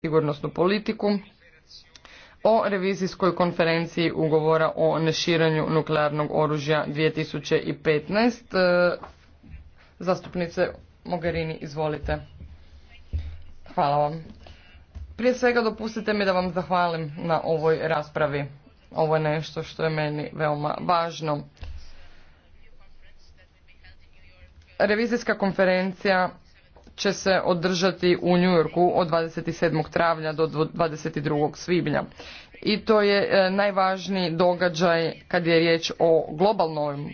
sigurnosnu politiku o revizijskoj konferenciji ugovora o neširanju nuklearnog oružja 2015. E, zastupnice Mogherini, izvolite. Hvala vam. Prije svega dopustite mi da vam zahvalim na ovoj raspravi. Ovo je nešto što je meni veoma važno. Revizijska konferencija će se održati u New Yorku od 27. travnja do 22. svibnja. I to je e, najvažniji događaj kad je riječ o globalnom,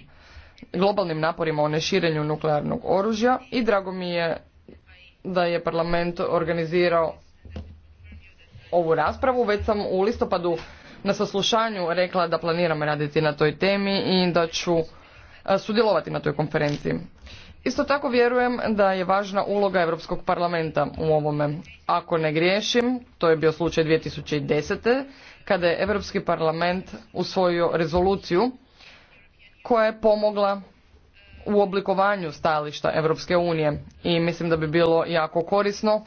globalnim naporima o neširenju nuklearnog oružja i drago mi je da je parlament organizirao ovu raspravu. Već sam u listopadu na saslušanju rekla da planiram raditi na toj temi i da ću e, sudjelovati na toj konferenciji. Isto tako vjerujem da je važna uloga Europskog parlamenta u ovome. Ako ne griješim, to je bio slučaj 2010. kada je Europski parlament usvojio rezoluciju koja je pomogla u oblikovanju stajališta Europske unije i mislim da bi bilo jako korisno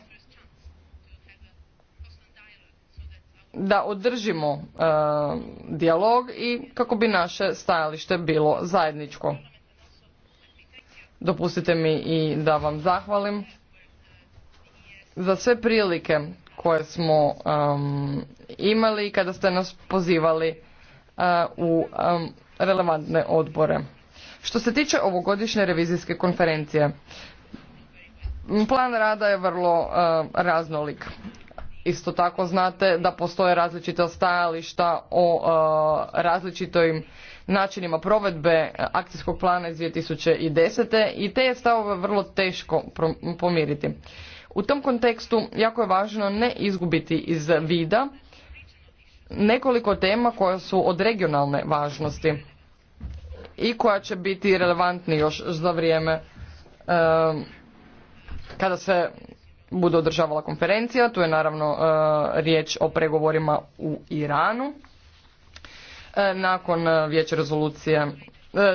da održimo e, dijalog i kako bi naše stajalište bilo zajedničko. Dopustite mi i da vam zahvalim za sve prilike koje smo um, imali kada ste nas pozivali eh, u relevantne odbore. Što se tiče ovogodišnje revizijske konferencije, plan rada je vrlo eh, raznolik. Isto tako znate da postoje različita stajališta o uh, različitim načinima provedbe akcijskog plana iz 2010. i te je stavove vrlo teško pomiriti. U tom kontekstu jako je važno ne izgubiti iz vida nekoliko tema koja su od regionalne važnosti i koja će biti relevantni još za vrijeme ehm, kada se bude održavala konferencija. Tu je naravno ehm, riječ o pregovorima u Iranu E, nakon e, vijeća rezolucije e,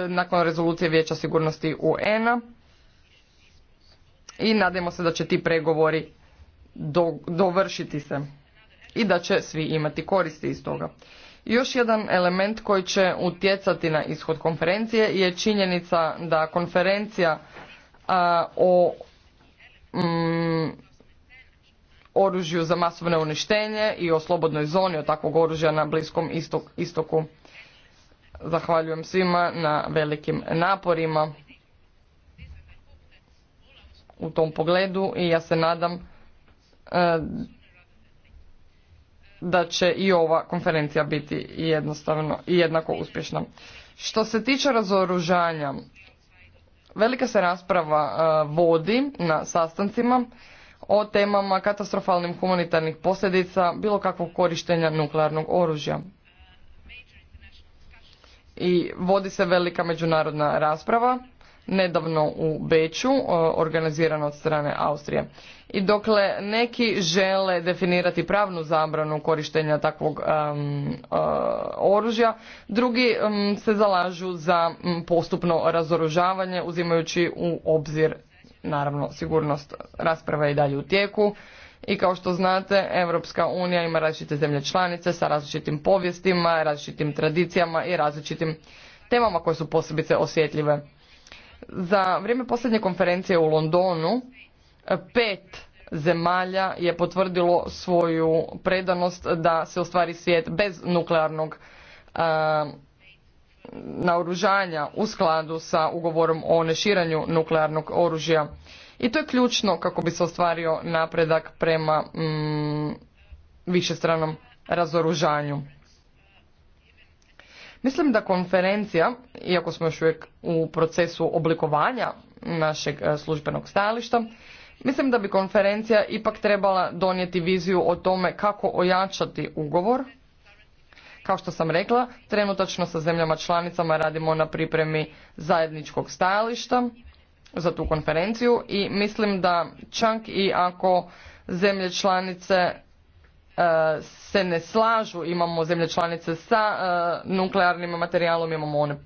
nakon rezolucije vijeća sigurnosti UN-a i nadajmo se da će ti pregovori dovršiti se i da će svi imati koristi iz toga. Još jedan element koji će utjecati na ishod konferencije je činjenica da konferencija o oružju za masovno uništenje i o slobodnoj zoni od takvog oružja na Bliskom istoku. Zahvaljujem svima na velikim naporima u tom pogledu i ja se nadam e, da će i ova konferencija biti jednostavno i jednako uspješna. Što se tiče razoružanja, velika se rasprava e, vodi na sastancima o temama katastrofalnim humanitarnih posljedica bilo kakvog korištenja nuklearnog oružja. I vodi se velika međunarodna rasprava nedavno u Beću, e, organizirana od strane Austrije. I dokle neki žele definirati pravnu zabranu korištenja takvog e, oružja, drugi se zalažu za postupno razoružavanje uzimajući u obzir Naravno, sigurnost rasprava je i dalje u tijeku i kao što znate, Europska unija ima različite zemlje članice sa različitim povijestima, različitim tradicijama i različitim temama koje su posebice osjetljive. Za vrijeme posljednje konferencije u Londonu pet zemalja je potvrdilo svoju predanost da se ostvari svijet bez nuklearnog naoružanja u skladu sa ugovorom o neširanju nuklearnog oružja. I to je ključno kako bi se ostvario napredak prema mm, višestranom razoružanju. Mislim da konferencija, iako smo još uvijek u procesu oblikovanja našeg e, službenog stajališta, mislim da bi konferencija ipak trebala donijeti viziju o tome kako ojačati ugovor kao što sam rekla, trenutačno sa zemljama članicama radimo na pripremi zajedničkog stajališta za tu konferenciju i mislim da čak i ako zemlje članice e, se ne slažu, imamo zemlje članice sa e, nuklearnim materijalom, imamo one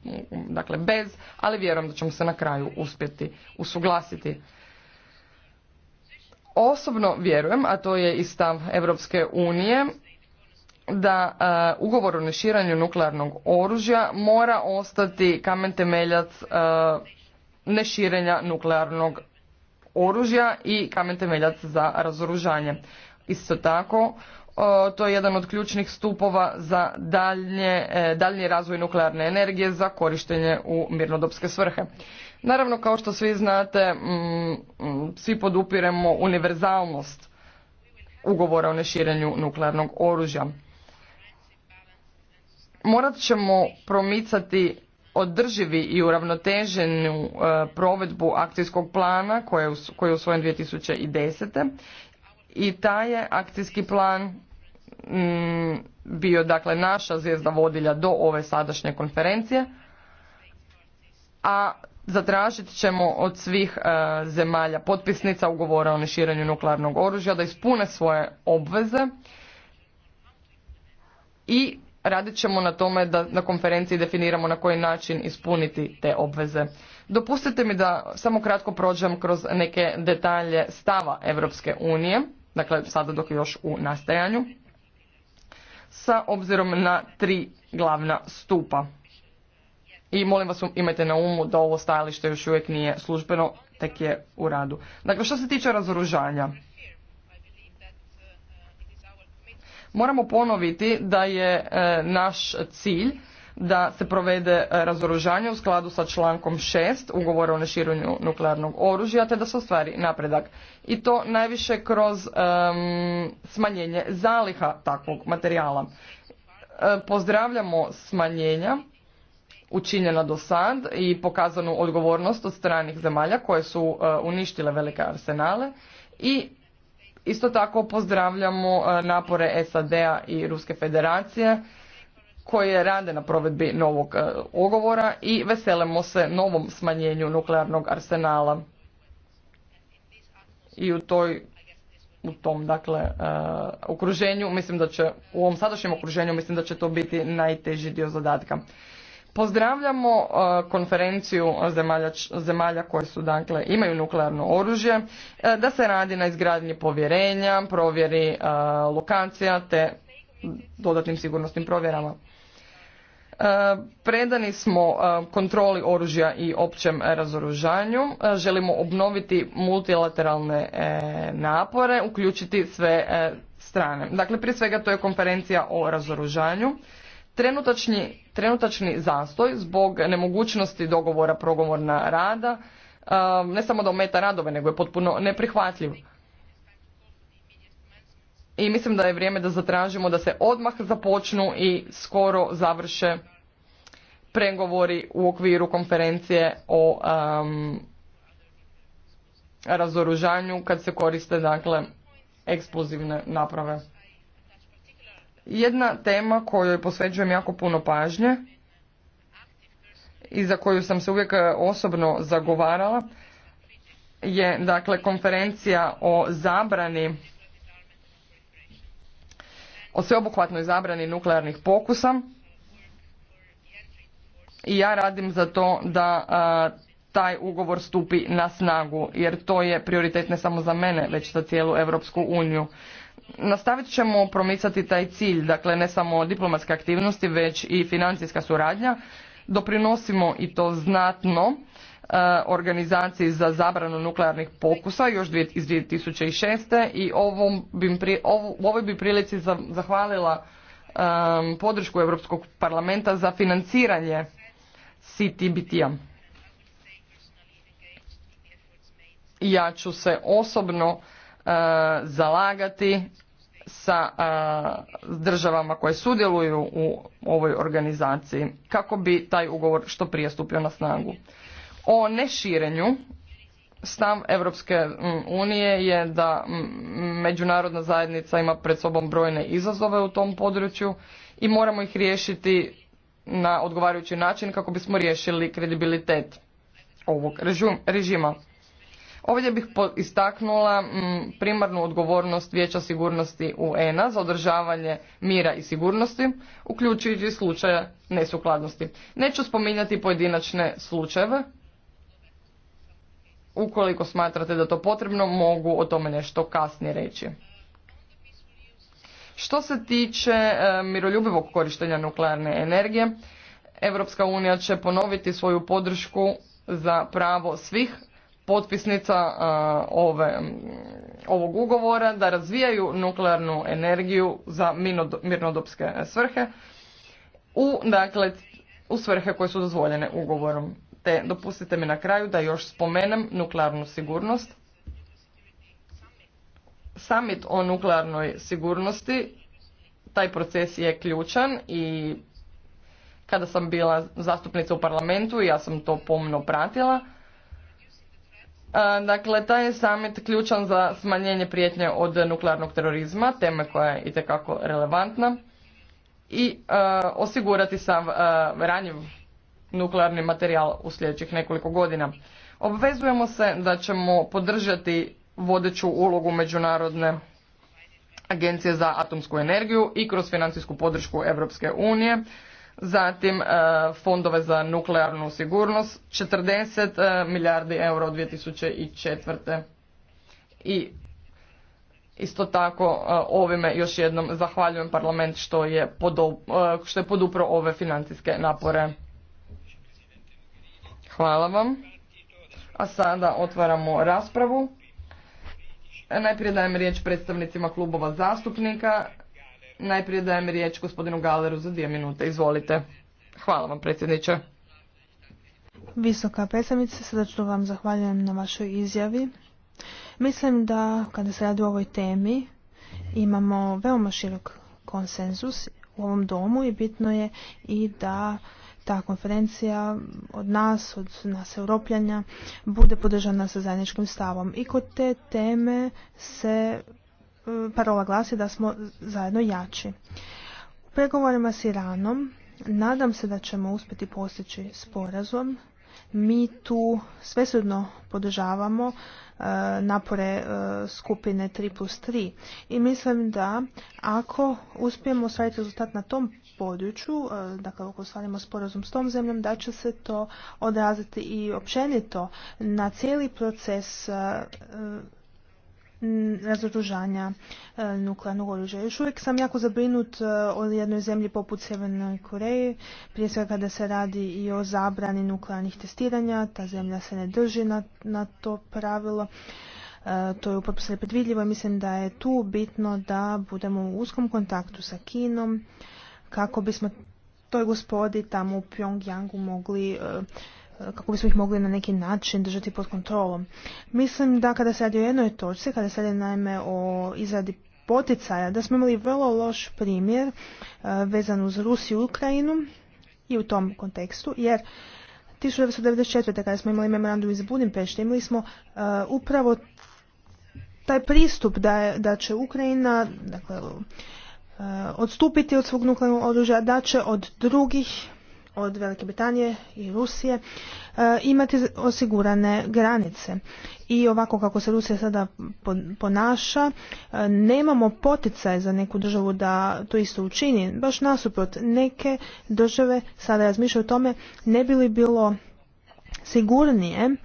dakle bez, ali vjerujem da ćemo se na kraju uspjeti usuglasiti. Osobno vjerujem, a to je i stav Europske unije, da e, ugovor o neširanju nuklearnog oružja mora ostati kamen temeljac e, neširenja nuklearnog oružja i kamen temeljac za razoružanje. Isto tako, e, to je jedan od ključnih stupova za daljnji razvoj nuklearne energije za korištenje u mirnodopske svrhe. Naravno, kao što svi znate, svi podupiremo univerzalnost ugovora o neširenju nuklearnog oružja morat ćemo promicati održivi i uravnoteženu e, provedbu akcijskog plana koji je usvojen 2010. I taj je akcijski plan mm, bio dakle naša zvijezda vodilja do ove sadašnje konferencije, a zatražit ćemo od svih e, zemalja potpisnica ugovora o neširenju nuklearnog oružja da ispune svoje obveze i radit ćemo na tome da na konferenciji definiramo na koji način ispuniti te obveze. Dopustite mi da samo kratko prođem kroz neke detalje stava Europske unije, dakle sada dok je još u nastajanju, sa obzirom na tri glavna stupa. I molim vas imajte na umu da ovo stajalište još uvijek nije službeno, tek je u radu. Dakle, što se tiče razoružanja, Moramo ponoviti da je e, naš cilj da se provede razoružanje u skladu sa člankom 6 ugovora o neširenju nuklearnog oružja te da se ostvari napredak. I to najviše kroz e, smanjenje zaliha takvog materijala. E, pozdravljamo smanjenja učinjena do sad i pokazanu odgovornost od stranih zemalja koje su uništile velike arsenale i Isto tako pozdravljamo e, napore SAD-a i Ruske federacije koje rade na provedbi novog e, ugovora i veselimo se novom smanjenju nuklearnog arsenala. I u toj u tom dakle e, okruženju mislim da će u ovom sadašnjem okruženju mislim da će to biti najteži dio zadatka. Pozdravljamo e, konferenciju zemalja, zemalja koje su dakle imaju nuklearno oružje, e, da se radi na izgradnji povjerenja, provjeri e, lokacija te dodatnim sigurnosnim provjerama. Predani smo kontroli oružja i općem razoružanju. Želimo obnoviti multilateralne napore, uključiti sve strane. Dakle, prije svega to je konferencija o razoružanju. Trenutačni, trenutačni zastoj zbog nemogućnosti dogovora progovorna rada um, ne samo da ometa radove, nego je potpuno neprihvatljiv. I mislim da je vrijeme da zatražimo da se odmah započnu i skoro završe pregovori u okviru konferencije o um, razoružanju kad se koriste dakle eksplozivne naprave. Jedna tema kojoj posvećujem jako puno pažnje i za koju sam se uvijek e, osobno zagovarala je dakle konferencija o zabrani o sveobuhvatnoj zabrani nuklearnih pokusa i ja radim za to da e, taj ugovor stupi na snagu jer to je prioritet ne samo za mene već za cijelu Europsku uniju. Nastavit ćemo promicati taj cilj, dakle ne samo diplomatske aktivnosti, već i financijska suradnja. Doprinosimo i to znatno e, organizaciji za zabranu nuklearnih pokusa još iz 2006. i ovom bi pri, ovoj bi prilici zahvalila podršku Europskog parlamenta za financiranje CTBT-a. Ja ću se osobno E, zalagati sa e, državama koje sudjeluju u ovoj organizaciji kako bi taj ugovor što prije stupio na snagu. O neširenju stav Europske unije je da međunarodna zajednica ima pred sobom brojne izazove u tom području i moramo ih riješiti na odgovarajući način kako bismo riješili kredibilitet ovog režima. Ovdje bih istaknula mm, primarnu odgovornost Vijeća sigurnosti UN-a za održavanje mira i sigurnosti, uključujući slučaje nesukladnosti. Neću spominjati pojedinačne slučajeve. Ukoliko smatrate da to potrebno, mogu o tome nešto kasnije reći. Što se tiče e, miroljubivog korištenja nuklearne energije, Europska unija će ponoviti svoju podršku za pravo svih potpisnica e, ove, ovog ugovora da razvijaju nuklearnu energiju za mirnodopske svrhe u, dakle, u svrhe koje su dozvoljene ugovorom. Te dopustite mi na kraju da još spomenem nuklearnu sigurnost. Summit o nuklearnoj sigurnosti, taj proces je ključan i kada sam bila zastupnica u parlamentu, ja sam to pomno pratila, Dakle, taj je summit ključan za smanjenje prijetnje od nuklearnog terorizma, teme koja je itekako relevantna, i osigurati sam ranjiv nuklearni materijal u sljedećih nekoliko godina. Obvezujemo se da ćemo podržati vodeću ulogu međunarodne agencije za atomsku energiju i kroz financijsku podršku Europske unije zatim e, fondove za nuklearnu sigurnost 40 e, milijardi eura od 2004. I isto tako e, ovime još jednom zahvaljujem parlament što je, što je podupro ove financijske napore. Hvala vam. A sada otvaramo raspravu. Najprije dajem riječ predstavnicima klubova zastupnika. Najprije dajem riječ gospodinu Galeru za dvije minute. Izvolite. Hvala vam predsjedniče. Visoka predstavnice, srdačno vam zahvaljujem na vašoj izjavi. Mislim da kada se radi o ovoj temi imamo veoma širok konsenzus u ovom domu i bitno je i da ta konferencija od nas, od nas europljanja, bude podržana sa zajedničkim stavom. I kod te teme se E, parola glasi da smo zajedno jači. U pregovorima s Iranom nadam se da ćemo uspjeti postići sporazum. Mi tu svesredno podržavamo e, napore e, skupine 3 plus 3 i mislim da ako uspijemo ostvariti rezultat na tom području, da dakle ako ostvarimo sporazum s tom zemljom, da će se to odraziti i općenito na cijeli proces razoružanja e, nuklearnog oružja. Još uvijek sam jako zabrinut e, o jednoj zemlji poput Sjevernoj Koreji, prije svega kada se radi i o zabrani nuklearnih testiranja, ta zemlja se ne drži na, to pravilo. E, to je u predvidljivo i mislim da je tu bitno da budemo u uskom kontaktu sa Kinom kako bismo toj gospodi tamo u Pyongyangu mogli kako bismo ih mogli na neki način držati pod kontrolom. Mislim da kada se radi o jednoj točci, kada se radi naime o izradi poticaja, da smo imali vrlo loš primjer e, vezan uz Rusiju i Ukrajinu i u tom kontekstu, jer 1994. kada smo imali memorandum iz Budimpešte, imali smo e, upravo taj pristup da, da će Ukrajina dakle, e, odstupiti od svog nuklearnog oružja, da će od drugih od Velike Britanije i Rusije e, imati osigurane granice. I ovako kako se Rusija sada ponaša, e, nemamo poticaj za neku državu da to isto učini. Baš nasuprot, neke države sada razmišljaju o tome ne bi li bilo sigurnije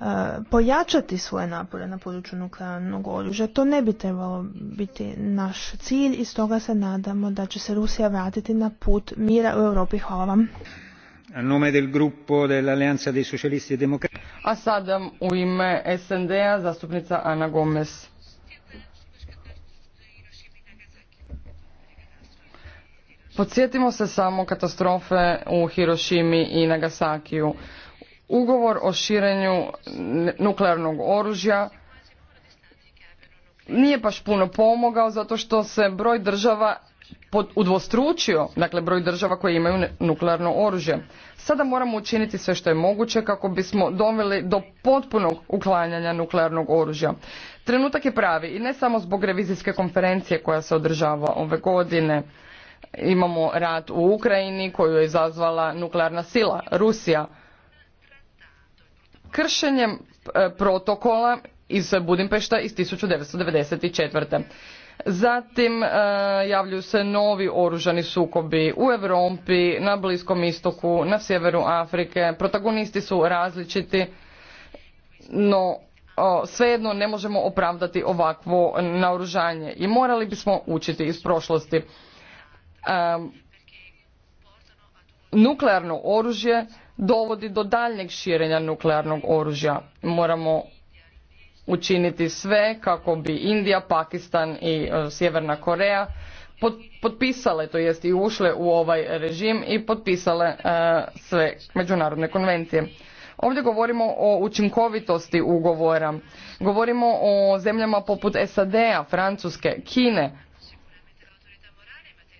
E, pojačati svoje napore na području nuklearnog oružja. To ne bi trebalo biti naš cilj i stoga se nadamo da će se Rusija vratiti na put mira u Europi. Hvala vam. A e sada u ime SND-a zastupnica Ana Gomez. Podsjetimo se samo katastrofe u Hirošimi i Nagasakiju. Ugovor o širenju nuklearnog oružja nije baš puno pomogao zato što se broj država udvostručio, dakle broj država koje imaju nuklearno oružje. Sada moramo učiniti sve što je moguće kako bismo doveli do potpunog uklanjanja nuklearnog oružja. Trenutak je pravi i ne samo zbog revizijske konferencije koja se održava ove godine. Imamo rat u Ukrajini koju je izazvala nuklearna sila, Rusija kršenjem e, protokola iz Budimpešta iz 1994. Zatim e, javljaju se novi oružani sukobi u Europi, na Bliskom istoku, na sjeveru Afrike. Protagonisti su različiti, no svejedno ne možemo opravdati ovakvo naoružanje i morali bismo učiti iz prošlosti. E, nuklearno oružje dovodi do daljnjeg širenja nuklearnog oružja. Moramo učiniti sve kako bi Indija, Pakistan i e, Sjeverna Koreja potpisale, to jest i ušle u ovaj režim i potpisale e, sve međunarodne konvencije. Ovdje govorimo o učinkovitosti ugovora. Govorimo o zemljama poput SAD-a, Francuske, Kine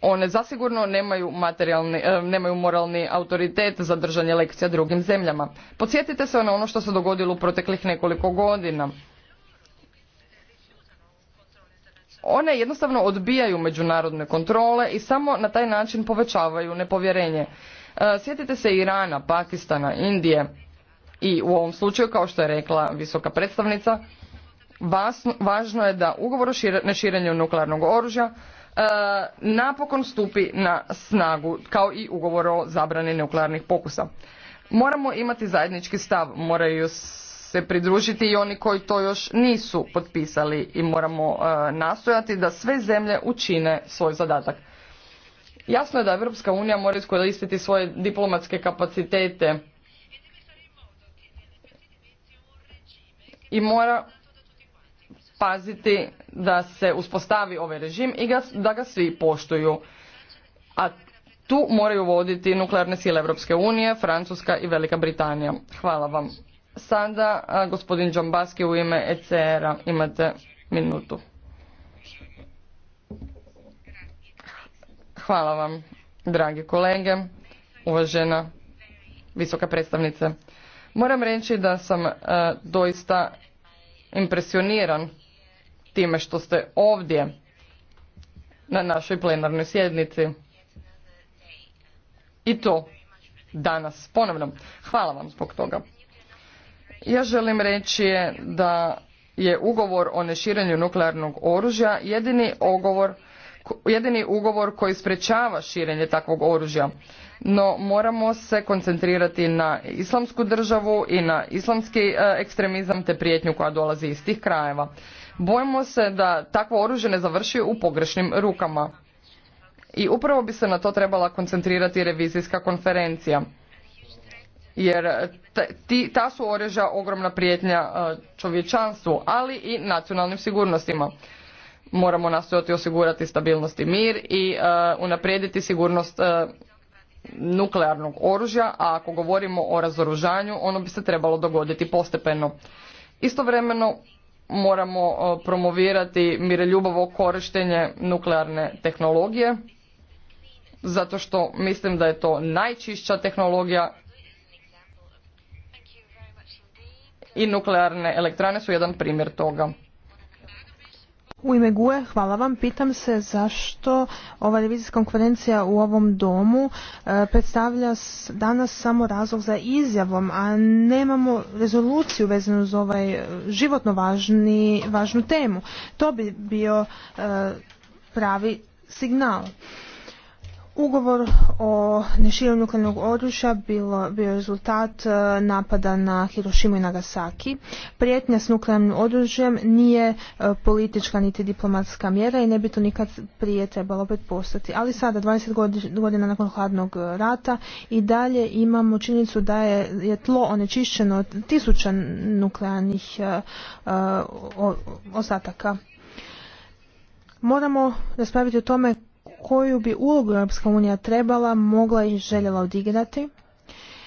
one zasigurno nemaju, materijalni, e, nemaju moralni autoritet za držanje lekcija drugim zemljama. Podsjetite se na ono što se dogodilo u proteklih nekoliko godina. One jednostavno odbijaju međunarodne kontrole i samo na taj način povećavaju nepovjerenje. E, sjetite se Irana, Pakistana, Indije i u ovom slučaju, kao što je rekla visoka predstavnica, važno je da ugovor o neširenju nuklearnog oružja E, napokon stupi na snagu kao i ugovor o zabrani nuklearnih pokusa. Moramo imati zajednički stav, moraju se pridružiti i oni koji to još nisu potpisali i moramo e, nastojati da sve zemlje učine svoj zadatak. Jasno je da Europska unija mora iskoristiti svoje diplomatske kapacitete i mora paziti da se uspostavi ovaj režim i da ga svi poštuju. A tu moraju voditi nuklearne sile Europske unije, Francuska i Velika Britanija. Hvala vam. Sada gospodin Džambaski u ime ECR-a. Imate minutu. Hvala vam, dragi kolege, uvažena visoka predstavnice. Moram reći da sam doista impresioniran time što ste ovdje na našoj plenarnoj sjednici. I to danas ponovno. Hvala vam zbog toga. Ja želim reći da je ugovor o neširenju nuklearnog oružja jedini ugovor jedini ugovor koji sprečava širenje takvog oružja. No moramo se koncentrirati na islamsku državu i na islamski e, ekstremizam te prijetnju koja dolazi iz tih krajeva. Bojimo se da takvo oružje ne završi u pogrešnim rukama. I upravo bi se na to trebala koncentrirati revizijska konferencija. Jer ta su oružja ogromna prijetnja e, čovječanstvu, ali i nacionalnim sigurnostima. Moramo nastojati osigurati stabilnost i mir i e, unaprijediti sigurnost e, nuklearnog oružja, a ako govorimo o razoružanju, ono bi se trebalo dogoditi postepeno. Istovremeno moramo e, promovirati mireljubovo korištenje nuklearne tehnologije zato što mislim da je to najčišća tehnologija i nuklearne elektrane su jedan primjer toga. U ime GUE, hvala vam. Pitam se zašto ova revizijska konferencija u ovom domu e, predstavlja danas samo razlog za izjavom, a nemamo rezoluciju vezanu uz ovaj e, životno važni, važnu temu. To bi bio e, pravi signal. Ugovor o neširenju nuklearnog oružja bio je rezultat e, napada na Hirošimu i Nagasaki. Prijetnja s nuklearnim oružjem nije e, politička niti diplomatska mjera i ne bi to nikad prije trebalo opet postati. Ali sada, 20 godina nakon hladnog rata, i dalje imamo činjenicu da je, tlo onečišćeno od tisuća nuklearnih e, ostataka. Moramo raspraviti o tome koju bi ulogu Europska unija trebala, mogla i željela odigrati.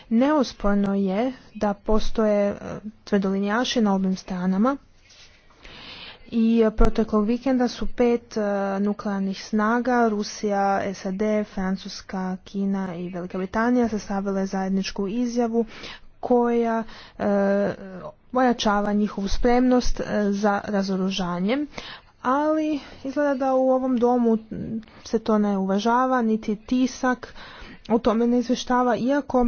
Neosporno je da postoje e, tvrdolinjaši na obim stranama i proteklog vikenda su pet e, nuklearnih snaga, Rusija, SAD, Francuska, Kina i Velika Britanija sastavile zajedničku izjavu koja e, ojačava njihovu spremnost e, za razoružanjem, ali izgleda da u ovom domu se to ne uvažava, niti tisak o tome ne izvještava, iako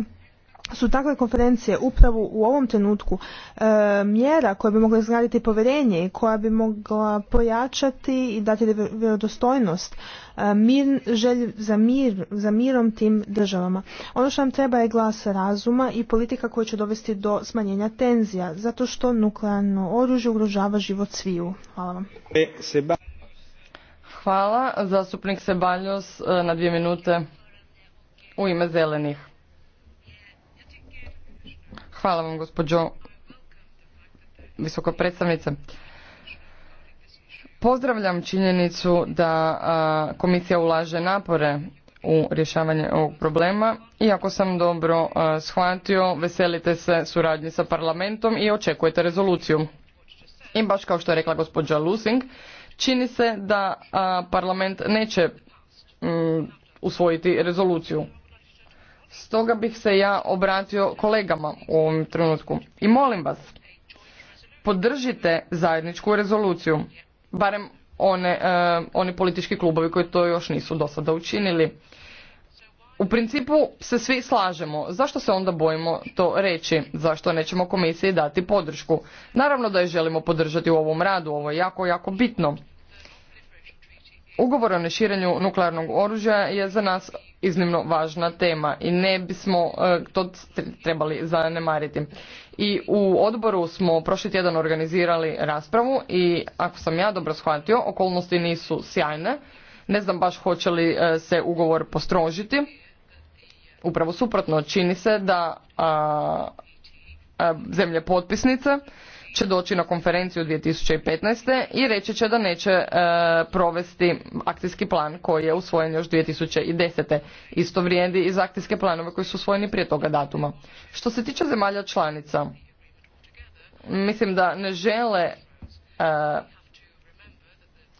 su takve konferencije upravo u ovom trenutku e, mjera koja bi mogla izgraditi povjerenje i koja bi mogla pojačati i dati vjerodostojnost e, mir, za, mirom tim državama. Ono što nam treba je glas razuma i politika koja će dovesti do smanjenja tenzija, zato što nuklearno oružje ugrožava život sviju. Hvala vam. Hvala. Zastupnik Sebaljos e, na dvije minute u ime zelenih. Hvala vam gospođo visoka predstavnice. Pozdravljam činjenicu da komisija ulaže napore u rješavanje ovog problema i ako sam dobro shvatio veselite se suradnji sa parlamentom i očekujete rezoluciju. I baš kao što je rekla gospođa Lusing, čini se da parlament neće usvojiti rezoluciju. Stoga bih se ja obratio kolegama u ovom trenutku. I molim vas, podržite zajedničku rezoluciju, barem one, e, oni politički klubovi koji to još nisu do sada učinili. U principu se svi slažemo. Zašto se onda bojimo to reći? Zašto nećemo komisiji dati podršku? Naravno da je želimo podržati u ovom radu. Ovo je jako, jako bitno. Ugovor o neširenju nuklearnog oružja je za nas iznimno važna tema i ne bismo e, to trebali zanemariti. I u odboru smo prošli tjedan organizirali raspravu i ako sam ja dobro shvatio, okolnosti nisu sjajne. Ne znam baš hoće li e, se ugovor postrožiti. Upravo suprotno čini se da zemlje potpisnice će doći na konferenciju 2015. i reći će da neće e, provesti akcijski plan koji je usvojen još 2010. Isto vrijedi i za akcijske planove koji su usvojeni prije toga datuma. Što se tiče zemalja članica, mislim da ne žele e,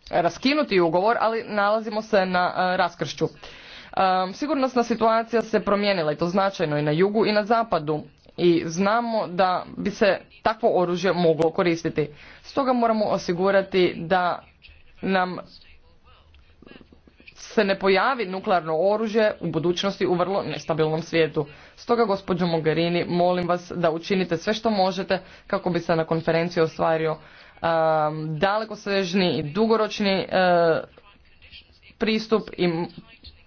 raskinuti ugovor, ali nalazimo se na e, raskršću. sigurnosna situacija se promijenila i to značajno i na jugu i na zapadu i znamo da bi se takvo oružje moglo koristiti. Stoga moramo osigurati da nam se ne pojavi nuklearno oružje u budućnosti u vrlo nestabilnom svijetu. Stoga, gospođo Mogherini, molim vas da učinite sve što možete kako bi se na konferenciji ostvario um, svežni i dugoročni uh, pristup i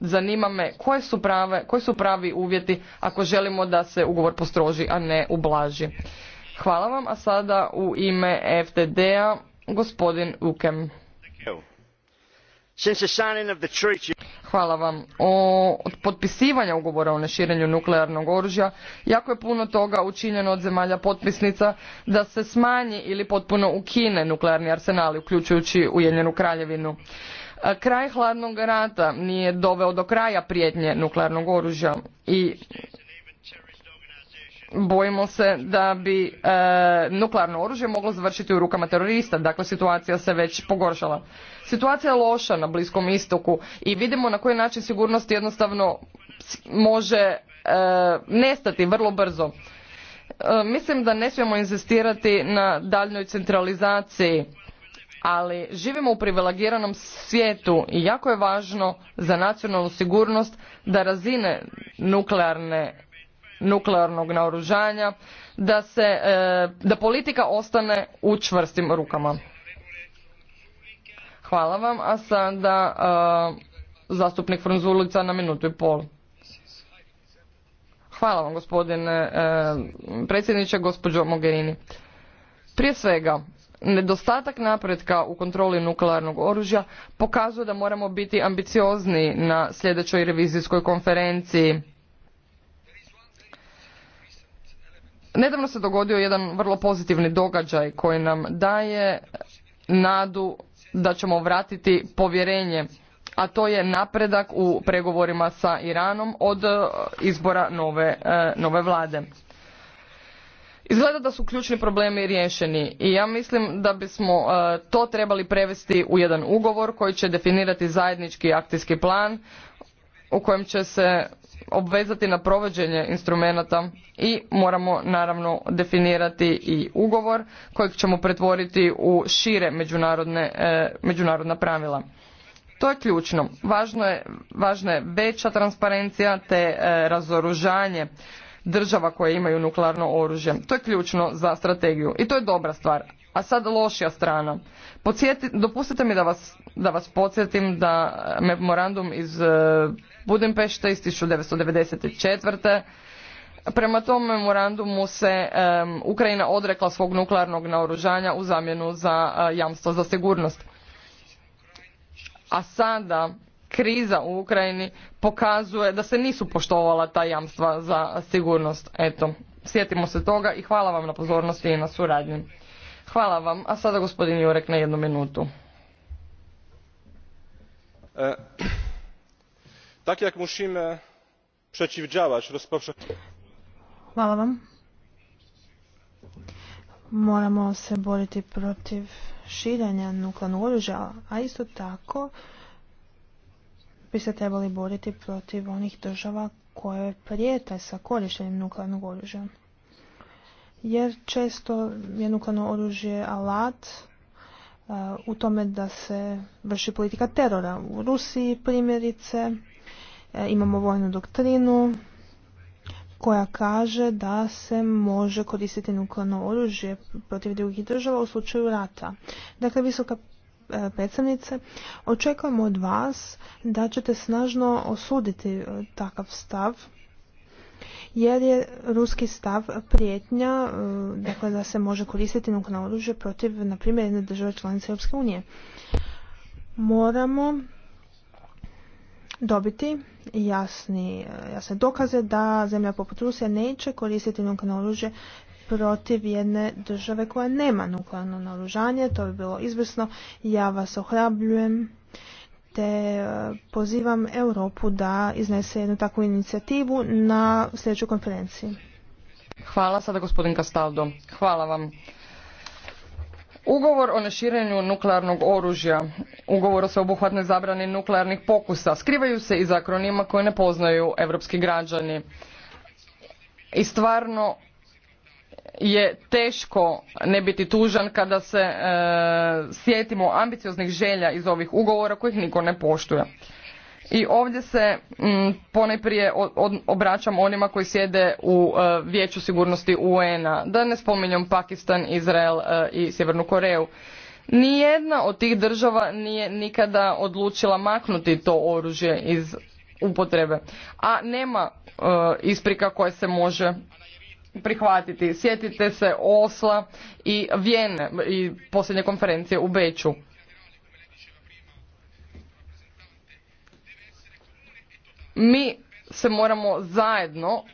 zanima me koje su, prave, koji su pravi uvjeti ako želimo da se ugovor postroži, a ne ublaži. Hvala vam, a sada u ime FTD-a gospodin Ukem. Hvala vam. O, od potpisivanja ugovora o neširenju nuklearnog oružja jako je puno toga učinjeno od zemalja potpisnica da se smanji ili potpuno ukine nuklearni arsenali, uključujući Ujedinjenu kraljevinu. Kraj hladnog rata nije doveo do kraja prijetnje nuklearnog oružja i bojimo se da bi e, nuklearno oružje moglo završiti u rukama terorista. Dakle, situacija se već pogoršala. Situacija je loša na Bliskom istoku i vidimo na koji način sigurnost jednostavno može e, nestati vrlo brzo. E, mislim da ne smijemo inzistirati na daljnjoj centralizaciji ali živimo u privilegiranom svijetu i jako je važno za nacionalnu sigurnost da razine nuklearne nuklearnog naoružanja da se e, da politika ostane u čvrstim rukama hvala vam a sada e, zastupnik Frunzulica na minutu i pol hvala vam gospodine e, predsjedniče gospođo Mogherini prije svega Nedostatak napretka u kontroli nuklearnog oružja pokazuje da moramo biti ambiciozni na sljedećoj revizijskoj konferenciji. Nedavno se dogodio jedan vrlo pozitivni događaj koji nam daje nadu da ćemo vratiti povjerenje, a to je napredak u pregovorima sa Iranom od e, izbora nove, e, nove vlade. Izgleda da su ključni problemi riješeni i ja mislim da bismo e, to trebali prevesti u jedan ugovor koji će definirati zajednički akcijski plan u kojem će se obvezati na provođenje instrumenata i moramo naravno definirati i ugovor kojeg ćemo pretvoriti u šire međunarodne, e, međunarodna pravila. To je ključno. je, važna je veća transparencija te e, razoružanje država koje imaju nuklearno oružje. To je ključno za strategiju i to je dobra stvar. A sad lošija strana. Podsjeti, dopustite mi da vas, da vas podsjetim da memorandum iz e, Budimpešte iz 1994. Prema tom memorandumu se Ukrajina odrekla svog nuklearnog naoružanja u zamjenu za e, jamstvo za sigurnost. A sada kriza u Ukrajini pokazuje da se nisu poštovala ta jamstva za sigurnost. Eto, sjetimo se toga i hvala vam na pozornosti i na suradnji. Hvala vam, a sada gospodin Jurek na jednu minutu. E, tak jak przeciwdziałać Hvala vam. Moramo se boriti protiv širenja nuklearnog oružja, a isto tako bi se trebali boriti protiv onih država koje prijete sa korištenjem nuklearnog oružja. Jer često je nuklearno oružje alat e, u tome da se vrši politika terora. U Rusiji primjerice e, imamo vojnu doktrinu koja kaže da se može koristiti nuklearno oružje protiv drugih država u slučaju rata. Dakle, visoka E, predstavnice, očekujemo od vas da ćete snažno osuditi e, takav stav jer je ruski stav prijetnja e, dakle, da se može koristiti nuklearno oružje protiv, na primjer, jedne države članice Europske unije. Moramo dobiti jasni, jasne dokaze da zemlja poput Rusije neće koristiti nuklearno oružje protiv jedne države koja nema nuklearno naoružanje. To bi bilo izvrsno. Ja vas ohrabljujem te e, pozivam Europu da iznese jednu takvu inicijativu na sljedećoj konferenciji. Hvala sada gospodin Castaldo. Hvala vam. Ugovor o neširenju nuklearnog oružja, ugovor o sveobuhvatnoj zabrani nuklearnih pokusa, skrivaju se iza akronima koje ne poznaju evropski građani. I stvarno je teško ne biti tužan kada se e, sjetimo ambicioznih želja iz ovih ugovora kojih niko ne poštuje. I ovdje se mm, ponajprije obraćam onima koji sjede u e, Vijeću sigurnosti UN-a, da ne spominjem Pakistan, Izrael e, i Sjevernu Koreju. Nijedna od tih država nije nikada odlučila maknuti to oružje iz upotrebe, a nema isprika koje se može prihvatiti. Sjetite se Osla i Vijene i posljednje konferencije u Beću. Mi se moramo zajedno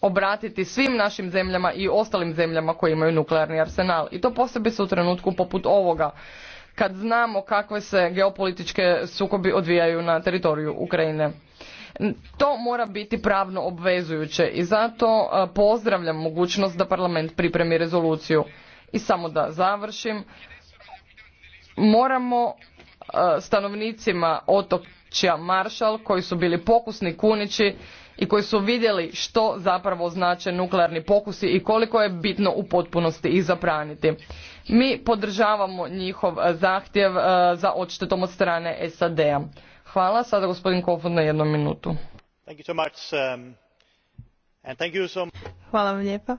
obratiti svim našim zemljama i ostalim zemljama koje imaju nuklearni arsenal. I to se u trenutku poput ovoga, kad znamo kakve se geopolitičke sukobi odvijaju na teritoriju Ukrajine. To mora biti pravno obvezujuće i zato e, pozdravljam mogućnost da parlament pripremi rezoluciju. I samo da završim, moramo e, stanovnicima otočja Maršal koji su bili pokusni kunići i koji su vidjeli što zapravo znače nuklearni pokusi i koliko je bitno u potpunosti ih zapraniti. Mi podržavamo njihov e, zahtjev za odštetom od strane SAD-a. Hvala. Sada gospodin Kofod na jednu minutu. Um, Hvala vam lijepa.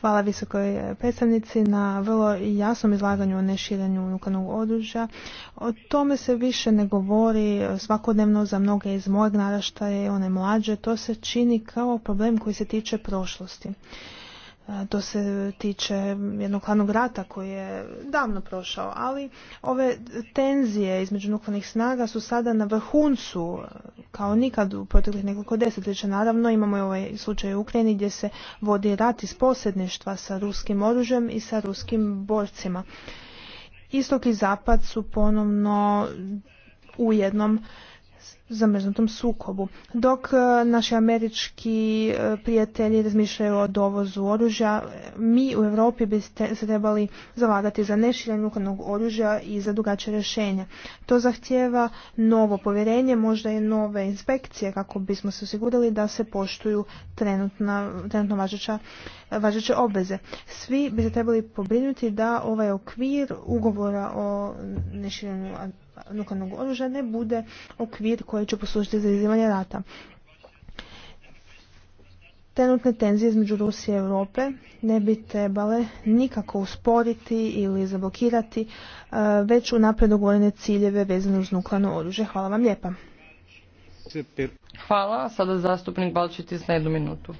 Hvala visokoj e, predstavnici na vrlo jasnom izlaganju o neširenju nuklearnog oružja. O tome se više ne govori e, svakodnevno za mnoge iz mojeg naraštaja i one mlađe. To se čini kao problem koji se tiče prošlosti. To se tiče jednog hladnog rata koji je davno prošao, ali ove tenzije između nuklearnih snaga su sada na vrhuncu e, kao nikad u proteklih nekoliko desetljeća. Naravno imamo i ovaj slučaj u Ukrajini gdje se vodi rat iz posredništva sa ruskim oružjem i sa ruskim borcima. Istok i zapad su ponovno u jednom zamrznutom sukobu. Dok e, naši američki e, prijatelji razmišljaju o dovozu oružja, mi u Europi bi se trebali zalagati za neširanje nuklearnog oružja i za drugačije rješenja. To zahtjeva novo povjerenje, možda i nove inspekcije kako bismo se osigurali da se poštuju trenutno važeća, važeće obveze. Svi bi se trebali pobrinuti da ovaj okvir ugovora o neširenju nuklearnog oružja ne bude okvir koji će poslužiti za izazivanje rata. Trenutne tenzije između Rusije i Europe ne bi trebale nikako usporiti ili zablokirati e, već u napred ciljeve vezane uz nuklearno oružje. Hvala vam lijepa. Hvala. Sada zastupnik Balčitis na jednu minutu.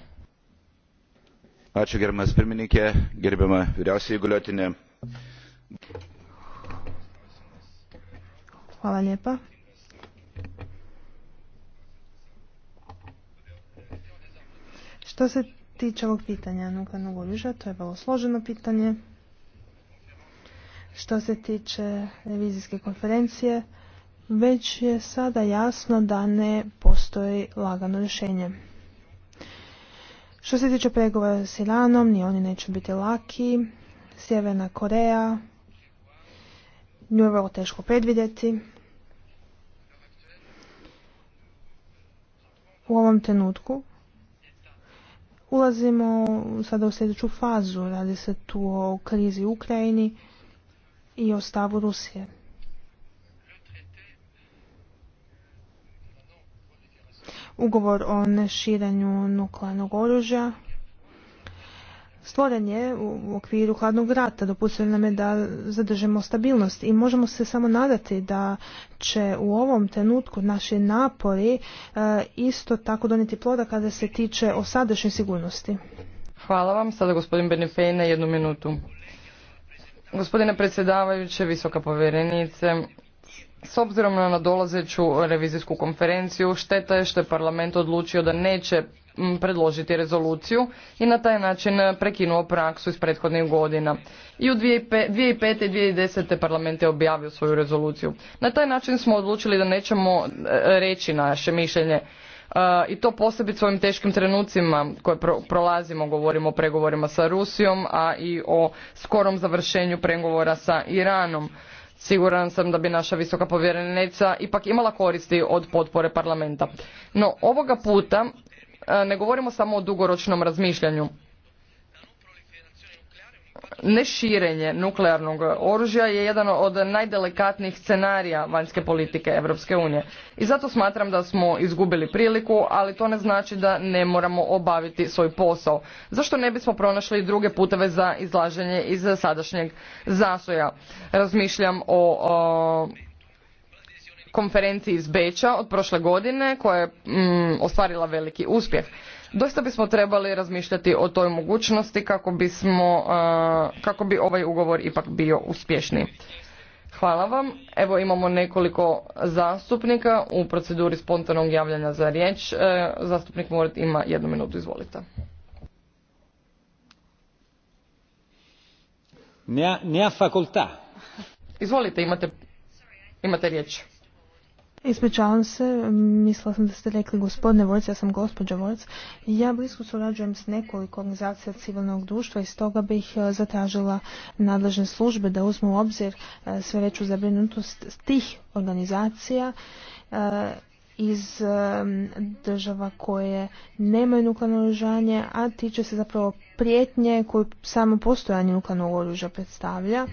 Ačiū gerbiamas pirmininkė, vyriausiai Hvala lijepa. Što se tiče ovog pitanja nuklearnog oružja, to je vrlo složeno pitanje. Što se tiče revizijske konferencije, već je sada jasno da ne postoji lagano rješenje. Što se tiče pregovora s Iranom, ni oni neće biti laki. Sjeverna Koreja, nju je vrlo teško predvidjeti. u ovom trenutku ulazimo sada u sljedeću fazu. Radi se tu o krizi u Ukrajini i o stavu Rusije. Ugovor o neširanju nuklearnog oružja stvoren je u okviru hladnog rata, dopustili nam je da zadržemo stabilnost i možemo se samo nadati da će u ovom trenutku naši napori e, isto tako doniti ploda kada se tiče o sadašnjoj sigurnosti. Hvala vam. Sada gospodin Benefej jednu minutu. Gospodine predsjedavajuće, visoka povjerenice, s obzirom na nadolazeću revizijsku konferenciju, šteta je što je parlament odlučio da neće predložiti rezoluciju i na taj način prekinuo praksu iz prethodnih godina. I u 2005. i 2010. parlament je objavio svoju rezoluciju. Na taj način smo odlučili da nećemo e, reći naše mišljenje e, i to posebno svojim ovim teškim trenucima koje prolazimo, govorimo o pregovorima sa Rusijom, a i o skorom završenju pregovora sa Iranom. Siguran sam da bi naša visoka povjerenica ipak imala koristi od potpore parlamenta. No, ovoga puta E, ne govorimo samo o dugoročnom razmišljanju. Neširenje nuklearnog oružja je jedan od najdelikatnijih scenarija vanjske politike Europske unije. I zato smatram da smo izgubili priliku, ali to ne znači da ne moramo obaviti svoj posao. Zašto ne bismo pronašli druge puteve za izlaženje iz sadašnjeg zasoja? Razmišljam o konferenciji iz Beča od prošle godine koja je mm, ostvarila veliki uspjeh. Dosta bismo trebali razmišljati o toj mogućnosti kako, bismo, e, kako bi ovaj ugovor ipak bio uspješniji. Hvala vam. Evo imamo nekoliko zastupnika u proceduri spontanog javljanja za riječ. E, zastupnik Morat ima jednu minutu, izvolite. Ne, ne fakulta. Izvolite, imate, imate riječ. Ispričavam se, mislila sam da ste rekli gospodine Vorc, ja sam gospođa Vorc. Ja blisko surađujem s nekoliko organizacija civilnog društva i stoga bih e, zatražila nadležne službe da uzmu u obzir e, sve veću zabrinutost tih organizacija e, iz država koje nemaju nuklearno oružanje, a tiče se zapravo prijetnje koju samo postojanje nuklearnog oružja predstavlja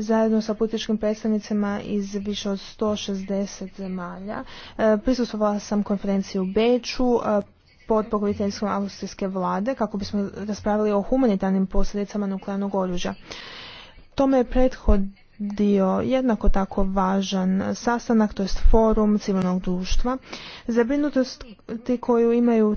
zajedno sa političkim predstavnicima iz više od 160 zemalja. E, prisustvovala sam konferenciju u Beču e, pod pokroviteljstvom austrijske vlade kako bismo raspravili o humanitarnim posljedicama nuklearnog oružja. Tome je prethodio jednako tako važan sastanak, to jest forum civilnog društva. Zabrinutosti koju imaju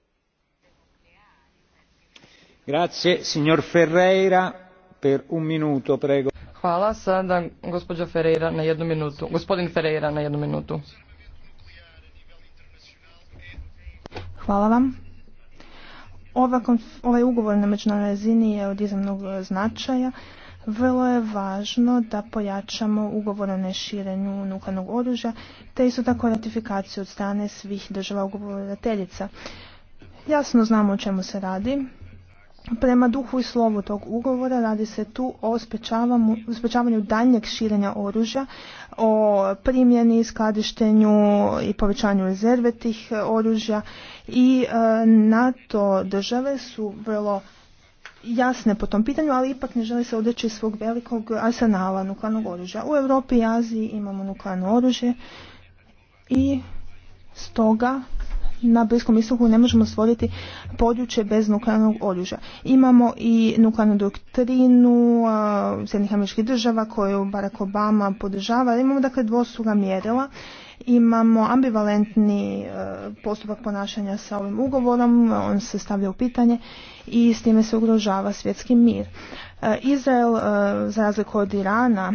Hvala. Sada Gospodin na minutu. Hvala vam. ovaj ugovor na međunarodnoj razini je od iznimnog e, značaja. Vrlo je važno da pojačamo ugovor o neširenju nuklearnog oružja, te isto tako ratifikaciju od strane svih država ugovorateljica. Jasno znamo o čemu se radi. Prema duhu i slovu tog ugovora radi se tu o sprečavanju daljnjeg širenja oružja, o primjeni, skladištenju i povećanju rezerve tih e, oružja i e, NATO države su vrlo jasne po tom pitanju, ali ipak ne žele se odreći svog velikog arsenala nuklearnog oružja. U Europi i Aziji imamo nuklearno oružje i stoga na Bliskom istoku ne možemo stvoriti područje bez nuklearnog oružja. Imamo i nuklearnu doktrinu Sjednih američkih država koju Barack Obama podržava. Imamo dakle dvostruga mjerila. Imamo ambivalentni e, postupak ponašanja sa ovim ugovorom, on se stavlja u pitanje i s time se ugrožava svjetski mir. E, Izrael, e, za razliku od Irana,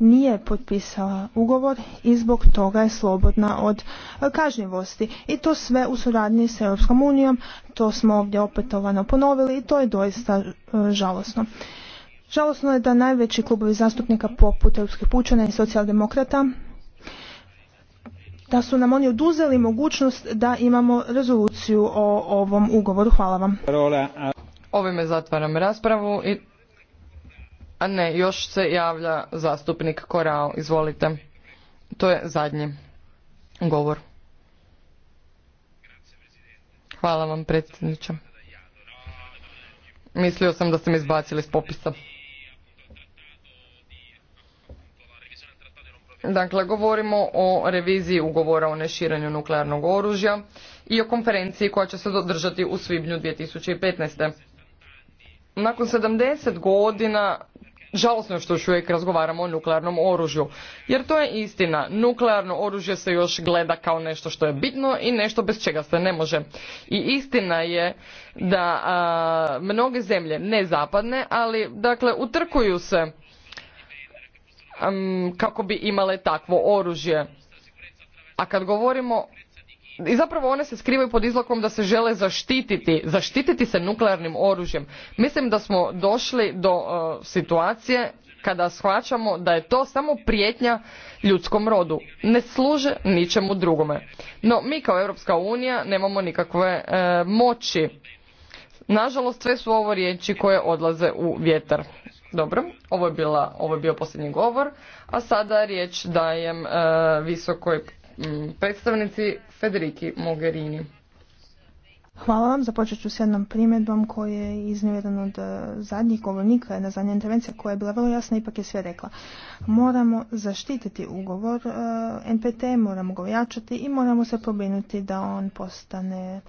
nije potpisala ugovor i zbog toga je slobodna od e, kažnjivosti. I to sve u suradnji s Europskom unijom, to smo ovdje opetovano ponovili i to je doista e, žalosno. Žalosno je da najveći klubovi zastupnika poput Europskih pučana i socijaldemokrata da su nam oni oduzeli mogućnost da imamo rezoluciju o ovom ugovoru. Hvala vam. Ovime zatvaram raspravu i a ne, još se javlja zastupnik Korao. Izvolite. To je zadnji govor. Hvala vam, predsjedniče. Mislio sam da ste me izbacili s popisa. Dakle, govorimo o reviziji ugovora o neširanju nuklearnog oružja i o konferenciji koja će se dodržati u svibnju 2015. Nakon 70 godina Žalosno je što još uvijek razgovaramo o nuklearnom oružju. Jer to je istina. Nuklearno oružje se još gleda kao nešto što je bitno i nešto bez čega se ne može. I istina je da mnoge zemlje ne zapadne, ali dakle utrkuju se kako bi imale takvo oružje. A kad govorimo i zapravo one se skrivaju pod izlokom da se žele zaštititi, zaštititi se nuklearnim oružjem. Mislim da smo došli do e, situacije kada shvaćamo da je to samo prijetnja ljudskom rodu. Ne služe ničemu drugome. No, mi kao Europska unija nemamo nikakve e, moći. Nažalost, sve su ovo riječi koje odlaze u vjetar. Dobro, ovo je, bila, ovo bio posljednji govor, a sada riječ dajem e, visokoj Mm, predstavnici Federiki Mogherini. Hvala vam, započet ću s jednom primjedbom koju je iznio jedan od eh, zadnjih govornika, jedna zadnja intervencija koja je bila vrlo jasna, ipak je sve rekla. Moramo zaštititi ugovor eh, NPT, moramo ga ojačati i moramo se pobinuti da on postane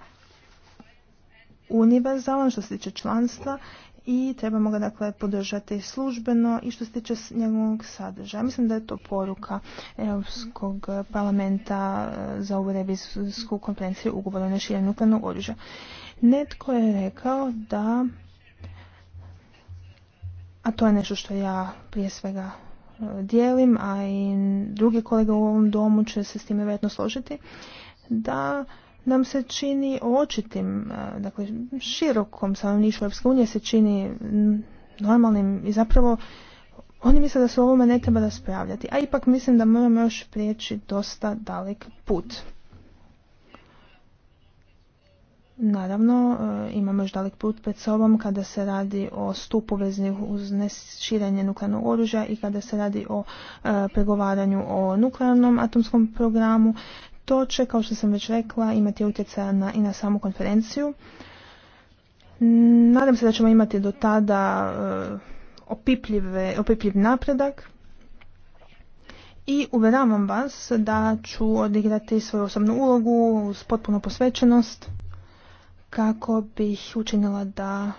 univerzalan što se tiče članstva i trebamo ga dakle podržati službeno i što se tiče njegovog sadržaja. Mislim da je to poruka Europskog parlamenta eh, za ovu revizijsku konferenciju ugovora o neširenju nuklearnog oružja. Netko je rekao da, a to je nešto što ja prije svega eh, dijelim, a i drugi kolega u ovom domu će se s time vjerojatno složiti, da nam se čini očitim, dakle širokom stanovništvu Europske unije se čini normalnim i zapravo oni misle da se o ovome ne treba raspravljati, a ipak mislim da moramo još prijeći dosta dalek put. Naravno, e, imamo još dalek put pred sobom kada se radi o stupu veznih uz neširenje nuklearnog oružja i kada se radi o e, pregovaranju o nuklearnom atomskom programu. To će, kao što sam već rekla, imati utjecaja na, i na samu konferenciju. Nadam se da ćemo imati do tada e, opipljive, opipljiv napredak i uveravam vas da ću odigrati svoju osobnu ulogu uz potpuno posvećenost kako bih učinila da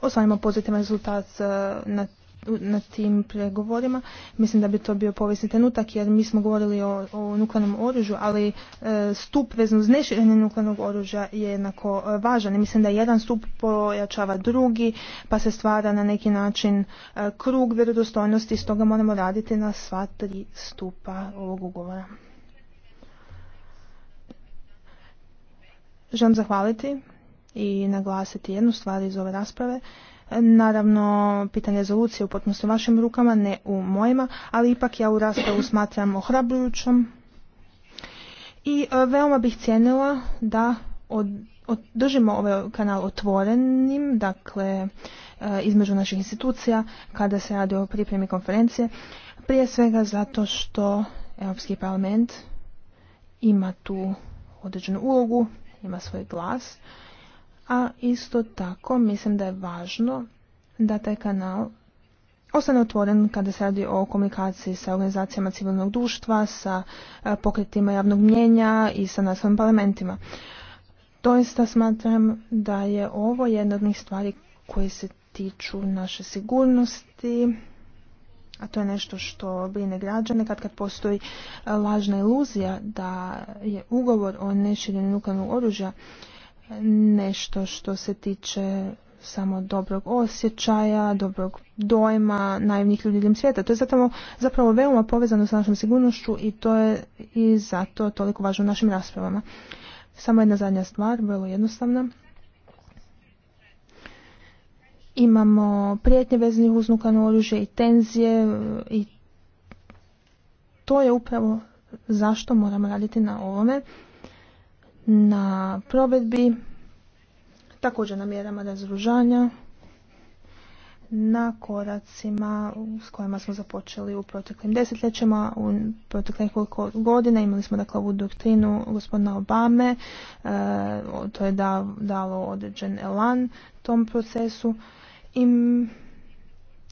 osvajamo pozitivan rezultat e, na na tim pregovorima. Mislim da bi to bio povijesni trenutak jer mi smo govorili o, nuklearnom oružju, ali e, stup vezno uz neširenje nuklearnog oružja je jednako e, važan. I mislim da jedan stup pojačava drugi, pa se stvara na neki način e, krug vjerodostojnosti, stoga moramo raditi na sva tri stupa ovog ugovora. Želim zahvaliti i naglasiti jednu stvar iz ove rasprave. Naravno, pitanje rezolucije u potpunosti u vašim rukama, ne u mojima, ali ipak ja u raspravu smatram ohrabrujućom. I e, veoma bih cijenila da držimo ovaj kanal otvorenim, dakle, e, između naših institucija kada se radi o pripremi konferencije. Prije svega zato što Europski parlament ima tu određenu ulogu, ima svoj glas a isto tako mislim da je važno da taj kanal ostane otvoren kada se radi o komunikaciji sa organizacijama civilnog društva, sa e, pokretima javnog mnjenja i sa nacionalnim parlamentima. Doista smatram da je ovo jedna od njih stvari koje se tiču naše sigurnosti, a to je nešto što brine građane kad kad postoji e, lažna iluzija da je ugovor o neširjenju nuklearnog oružja nešto što se tiče samo dobrog osjećaja, dobrog dojma najivnih ljudi diljem svijeta. To je zapravo, zapravo veoma povezano sa našom sigurnošću i to je i zato toliko važno u našim raspravama. Samo jedna zadnja stvar, vrlo jednostavna. Imamo prijetnje vezanih uz nuklearno oružje i tenzije i to je upravo zašto moramo raditi na ovome na provedbi, također na mjerama razružanja, na koracima s kojima smo započeli u proteklim desetljećima, u proteklih nekoliko godina imali smo dakle ovu doktrinu gospodina Obame, e, to je da, dalo određen elan tom procesu i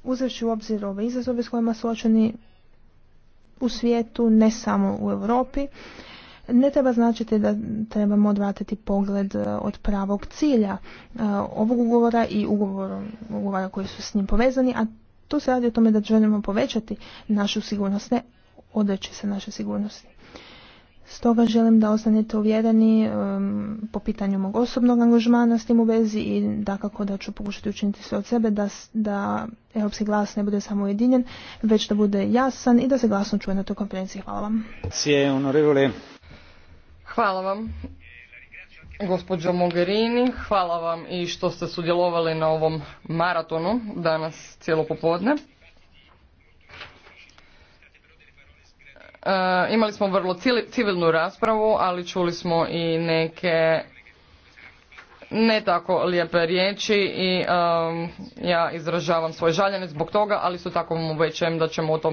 uzreći u obzir ove izazove s kojima su očeni u svijetu, ne samo u Europi, ne treba značiti da trebamo odvratiti pogled e, od pravog cilja e, ovog ugovora i ugovora koji su s njim povezani, a tu se radi o tome da želimo povećati našu sigurnost, ne odreći se naše sigurnosti. Stoga želim da ostanete uvjereni e, po pitanju mog osobnog angažmana s tim u vezi i dakako da ću pokušati učiniti sve od sebe da, da europski glas ne bude samo ujedinjen, već da bude jasan i da se glasno čuje na toj konferenciji. Hvala vam. Hvala vam, gospođo Mogherini. Hvala vam i što ste sudjelovali na ovom maratonu danas cijelo popodne. E, imali smo vrlo civilnu raspravu, ali čuli smo i neke ne tako lijepe riječi i ja izražavam svoje žaljenje zbog toga, ali su tako mu većem da ćemo o tom